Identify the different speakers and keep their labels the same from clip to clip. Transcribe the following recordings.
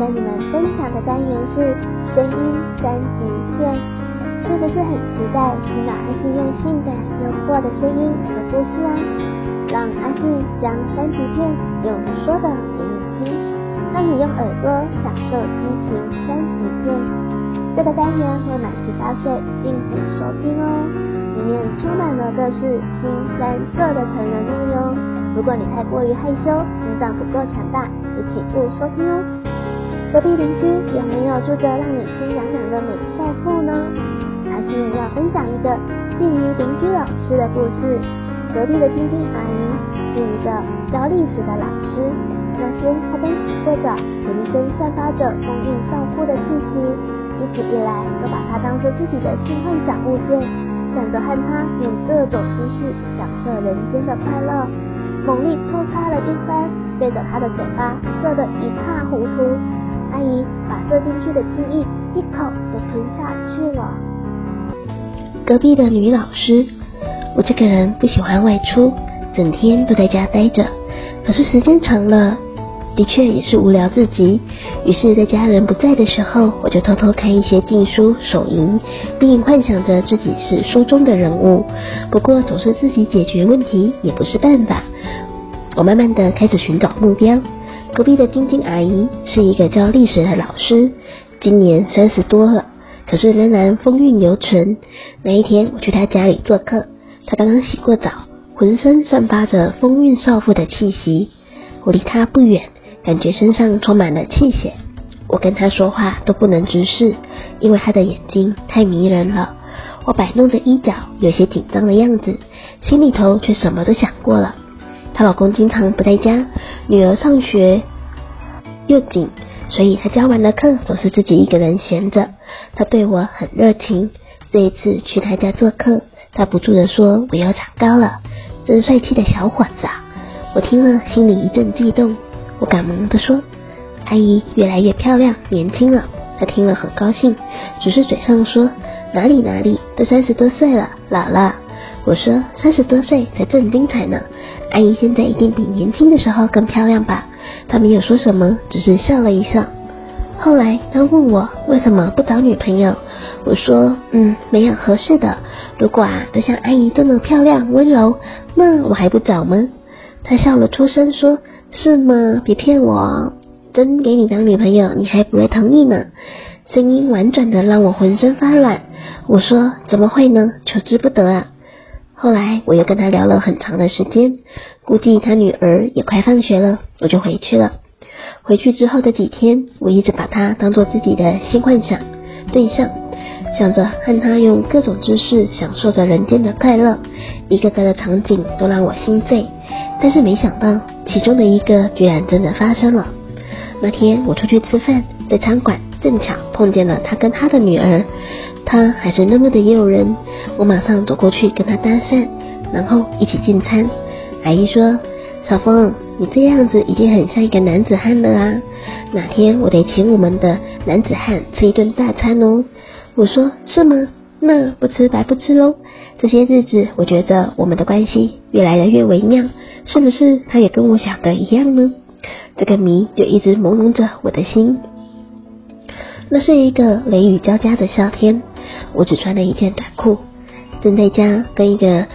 Speaker 1: 跟你們分享的單元是聲音三級片，是不是很期待？請讓阿性用性感誘惑的聲音說故事啊，讓阿性將三級片用說的給你聽，讓你用耳朵享受激情三級片。這個單元未滿十八歲禁止收聽哦，裡面充滿了各式腥羶色的成人內容哦。如果你太過於害羞，心臟不夠強大，也請勿收聽哦。隔壁鄰居有沒有住着讓你心癢癢的美少婦呢？還是你要分享一個近於鄰居老師的故事？隔壁的菁菁阿姨是一個教歷史的老師，那天她剛洗過澡，渾身散發着豐韻少婦的氣息，一直以來都把她當做自己的性幻想物件，想着和她用各種姿勢享受人間的快樂，猛力抽插了一番，對着她的嘴巴射得一塌糊塗。阿姨把射進去的精液一口都吞下去了。隔壁的女老師，我這個人不喜歡外出，整天都在家待着。可是時間長了，的確也是無聊至極。於是，在家人不在的時候，我就偷偷看一些禁書、手淫，並幻想着自己是書中的人物。不過，總是自己解決問題也不是辦法。我慢慢的開始尋找目標。隔壁的菁菁阿姨是一個教歷史的老師，今年三十多了，可是仍然風韻猶存。那一天我去她家裡做客，她剛剛洗過澡，渾身散發着風韻少婦的氣息。我離她不遠，感覺身上充滿了氣血。我跟她說話都不能直視，因為她的眼睛太迷人了。我擺弄着衣角，有些緊張的樣子，心裡頭卻什麼都想過了。她老公經常不在家，女兒上學又緊，所以她教完了課總是自己一個人閒着。她對我很熱情，這一次去她家做客，她不住地說我又長高了，真帥氣的小伙子啊！我聽了心裡一陣悸動，我趕忙的說，阿姨越來越漂亮、年輕了。她聽了很高興，只是嘴上說哪裡哪裡，都三十多歲了，老了。我說三十多歲才正精彩呢，阿姨現在一定比年輕的時候更漂亮吧？她沒有說什麼，只是笑了一笑。後來她問我為什麼不找女朋友，我說嗯，沒有合適的。如果啊都像阿姨這麼漂亮溫柔，那我還不找嗎？她笑了出聲說：“是嗎？別騙我，真給你當女朋友，你還不會同意呢。”聲音婉轉的讓我渾身發軟。我說怎麼會呢？求之不得啊。後來我又跟他聊了很長的時間，估計他女兒也快放學了，我就回去了。回去之後的幾天，我一直把他當做自己的性幻想對象，想着和他用各種姿勢享受着人間的快樂，一個個的場景都讓我心醉。但是沒想到，其中的一個居然真的發生了。那天我出去吃飯，在餐館正巧碰見了他跟他的女兒。他還是那麼的誘人，我馬上走過去跟他搭訕，然後一起進餐。阿姨說：“小峰，你這樣子已經很像一個男子漢了啊，哪天我得請我們的男子漢吃一頓大餐哦。”我說：“是嗎？那不吃白不吃嘍。”這些日子，我覺得我們的關係越來的越微妙，是不是？他也跟我想的一樣呢？這個謎就一直朦朧着我的心。那是一個雷雨交加的夏天。我只穿了一件短褲，正在家跟一個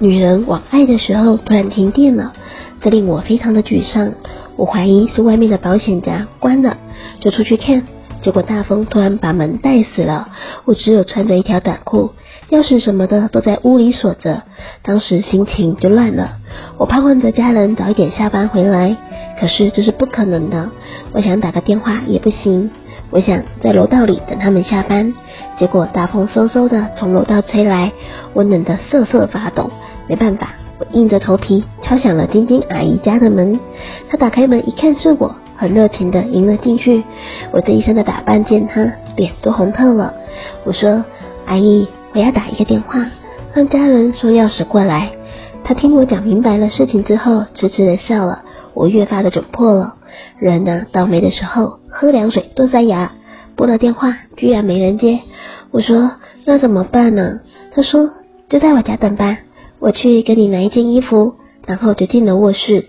Speaker 1: 女人網愛的時候，突然停電了，這令我非常的沮喪。我懷疑是外面的保險閘關了，就出去看。結果大風突然把門帶死了，我只有穿着一條短褲，鑰匙什麼的都在屋裡鎖着。當時心情就亂了，我盼望着家人早一點下班回來，可是這是不可能的。我想打個電話也不行，我想在樓道裡等他們下班。結果大風嗖嗖的從樓道吹來，我冷得瑟瑟發抖。沒辦法，我硬着頭皮敲響了菁菁阿姨家的門。她打開門一看是我。很熱情的迎了進去，我這一身的打扮，見他臉都紅透了。我說：“阿姨，我要打一個電話，讓家人送鑰匙過來。”他聽我講明白了事情之後，癡癡的笑了。我越發的窘迫了。人呢，倒霉的時候喝涼水都塞牙。撥了電話，居然沒人接。我說：“那怎麼辦呢？”他說：“就在我家等吧，我去給你拿一件衣服。”然後就進了臥室。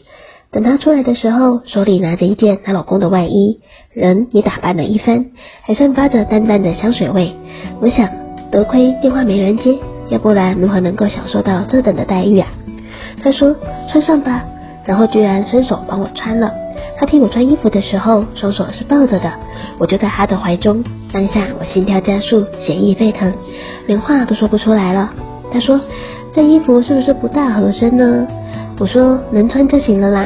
Speaker 1: 等她出來的時候，手裡拿着一件她老公的外衣，人也打扮了一番，還散發着淡淡的香水味。我想，得虧電話沒人接，要不然如何能夠享受到這等的待遇啊？她說：“穿上吧。”然後居然伸手幫我穿了。她替我穿衣服的時候，雙手是抱着的，我就在她的懷中。當下我心跳加速，血液沸騰，連話都說不出來了。她說：“這衣服是不是不大合身呢？”我說能穿就行了啦。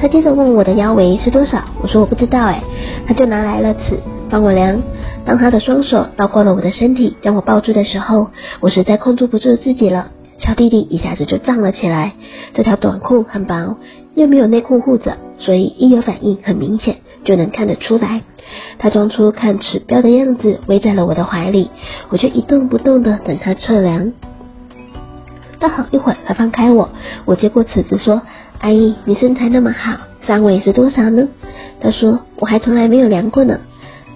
Speaker 1: 他接着問我的腰圍是多少，我說我不知道哎，他就拿來了尺幫我量。當他的雙手繞過了我的身體，將我抱住的時候，我實在控制不住自己了，小弟弟一下子就漲了起來。這條短褲很薄，又沒有內褲護着，所以一有反應很明顯，就能看得出來。他裝出看尺標的樣子，圍在了我的懷裡，我卻一動不動的等他測量。他好一會兒才放開我。我接過尺子說：“阿姨，你身材那麼好，三圍是多少呢？”他說：“我還從來沒有量過呢。”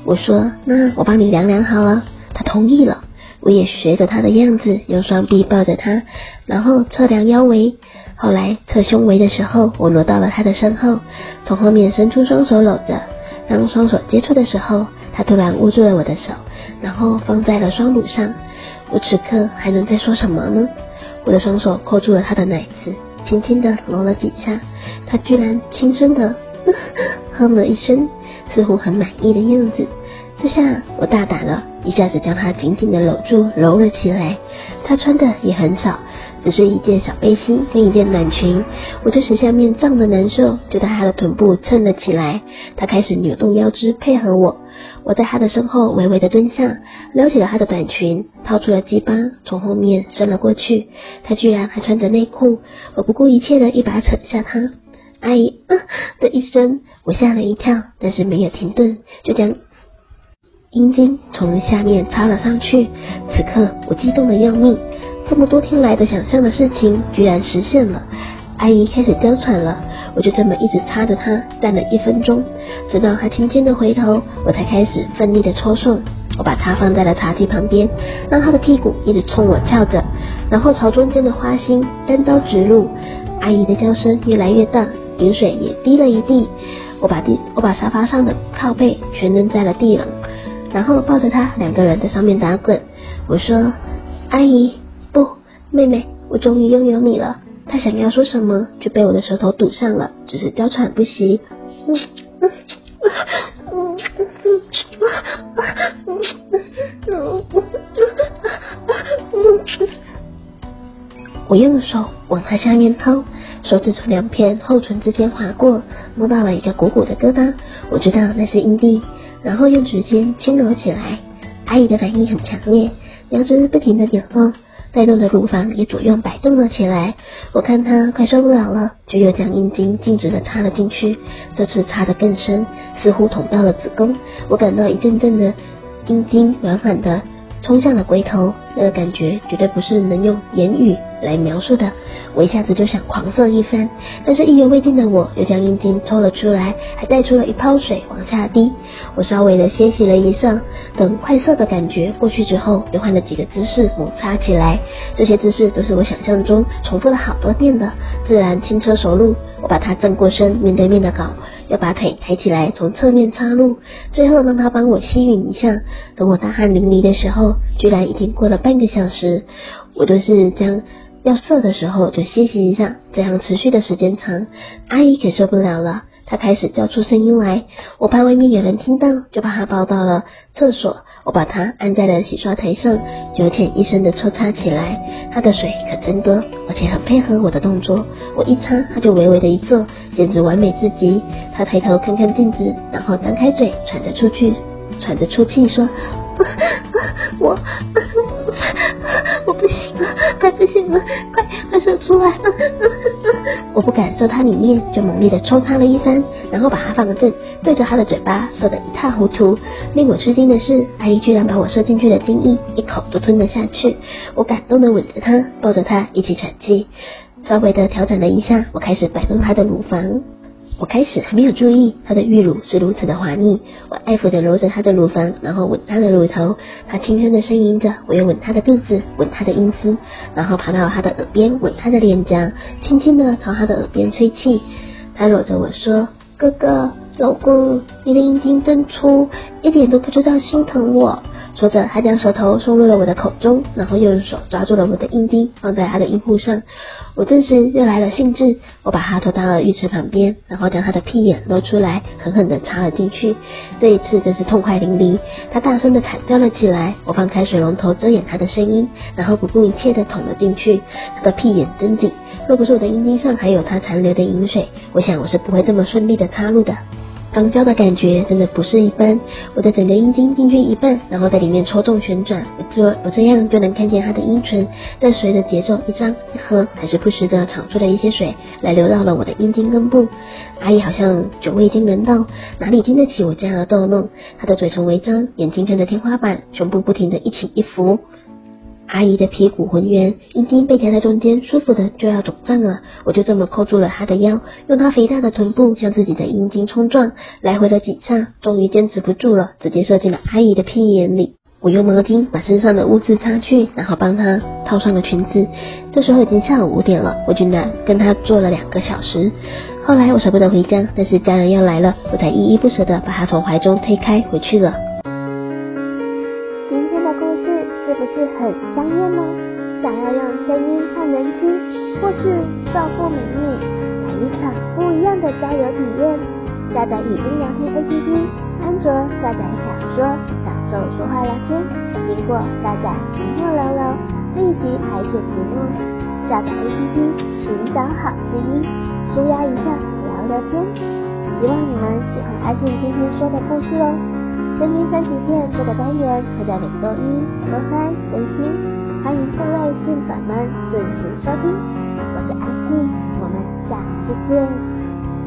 Speaker 1: 我說：“那我幫你量量好了啊。”他同意了。我也學着他的樣子，用雙臂抱着他，然後測量腰圍。後來測胸圍的時候，我挪到了他的身後，從後面伸出雙手摟着。當雙手接觸的時候，他突然握住了我的手，然後放在了雙乳上。我此刻還能再說什麼呢？我的雙手扣住了他的奶子，輕輕的揉了幾下，他居然輕聲的呵呵哼了一聲，似乎很滿意的樣子。這下我大膽了，一下子將他緊緊的摟住，揉了起來。他穿的也很少，只是一件小背心跟一件短裙。我就是下面脹的難受，就在他的臀部蹭了起來。他開始扭動腰肢配合我。我在她的身後微微的蹲下，撩起了她的短裙，掏出了雞巴，從後面伸了過去。她居然還穿着內褲，我不顧一切的一把扯下她，阿姨啊、哎呃、的一聲，我嚇了一跳，但是沒有停頓，就將陰莖從下面插了上去。此刻我激動的要命，這麼多天來的想象的事情居然實現了。阿姨開始嬌喘了，我就這麼一直插着她，站了一分鐘，直到她輕輕的回頭，我才開始奮力的抽送。我把她放在了茶几旁邊，讓她的屁股一直衝我翹着，然後朝中間的花心單刀直入。阿姨的叫聲越來越大，淫水也滴了一地。我把地我把沙發上的靠背全扔在了地上，然後抱着她，兩個人在上面打滾。我說：“阿姨，不，妹妹，我終於擁有你了。”他想要說什麼，就被我的舌頭堵上了，只是嬌喘不息。 我用了手往她下面掏，手指從兩片厚唇之間劃過，摸到了一個鼓鼓的疙瘩，我知道那是陰蒂，然後用指尖輕揉起來。阿姨的反應很強烈，腰肢不停地扭動。帶動着乳房也左右擺動了起來，我看他快受不了了，就又將陰莖徑直的插了進去，這次插得更深，似乎捅到了子宮，我感到一陣陣的陰莖軟軟的衝向了龜頭。這個感覺絕對不是能用言語來描述的，我一下子就想狂射一番，但是意猶未盡的我又將陰莖抽了出來，還帶出了一泡水往下滴。我稍微的歇息了一下，等快射的感覺過去之後，又換了幾個姿勢摩擦起來。這些姿勢都是我想象中重複了好多遍的，自然輕車熟路。我把他正過身，面對面的搞，要把腿抬起來從側面插入，最後讓他幫我吸引一下。等我大汗淋漓的時候，居然已經過了半。半個小時，我都是將要射的時候就歇息一下，這樣持續的時間長。阿姨可受不了了，她開始叫出聲音來。我怕外面有人聽到，就把她抱到了廁所。我把她按在了洗刷台上，九淺一深的抽插起來。她的水可真多，而且很配合我的動作。我一插，她就微微的一坐，簡直完美至極。她抬頭看看鏡子，然後張開嘴，喘着出去，喘着出氣說。我，我不行了，快不行了，快快射出來！我不敢射他裡面，就猛烈的抽插了一番，然後把它放了正，對着他的嘴巴射得一塌糊塗。令我吃驚的是，阿姨居然把我射進去的精液一口都吞了下去。我感動的吻着她，抱着她一起喘氣。稍微的調整了一下，我開始擺弄他的乳房。我開始還沒有注意，她的玉乳是如此的滑膩。我愛撫着揉着她的乳房，然後吻她的乳頭。她輕聲的呻吟着。我又吻她的肚子，吻她的陰司，然後爬到她的耳邊，吻她的臉頰，輕輕地朝她的耳邊吹氣。她摟着我說：“哥哥。”老公，你的陰莖真粗，一點都不知道心疼我。說着，他將舌頭送入了我的口中，然後又用手抓住了我的陰莖，放在他的陰部上。我頓時又來了興致，我把他拖到了浴池旁邊，然後將他的屁眼露出來，狠狠地插了進去。這一次真是痛快淋漓，他大聲的慘叫了起來。我放開水龍頭遮掩他的聲音，然後不顧一切的捅了進去。他的屁眼真緊，若不是我的陰莖上還有他殘留的淫水，我想我是不會這麼順利的插入的。肛交的感覺真的不是一般，我的整個陰莖進去一半，然後在裡面抽動旋轉，我這我這樣就能看見他的陰唇，但隨着節奏一張一合，還是不時的淌出了一些水來，流到了我的陰莖根部。阿姨好像久未經人道，哪裡經得起我這樣的逗弄？她的嘴唇微張，眼睛看着天花板，胸部不停的一起一伏。阿姨的屁股渾圓，陰莖被夾在中間，舒服的就要腫脹了。我就這麼扣住了她的腰，用她肥大的臀部向自己的陰莖衝撞，來回了幾下，終於堅持不住了，直接射進了阿姨的屁眼裡。我用毛巾把身上的污漬擦去，然後幫她套上了裙子。這時候已經下午五點了，我居然跟她坐了兩個小時。後來我捨不得回家，但是家人要來了，我才依依不捨的把她從懷中推開回去了。很香豔哦，想要用聲音和人妻，或是少婦美女，來一場不一樣的交友體驗？下載語音聊天 APP，安卓下載享說，享受說話聊天；蘋果下載寂寞聊聊，立即排解寂寞。下載 APP，尋找好聲音，舒壓一下，聊聊天。希望你們喜歡阿性今天說的故事哦。聲音三級片，這個單元會在每週一、週三更新，歡迎各位信粉們準時收聽。我是阿性，我們下次見。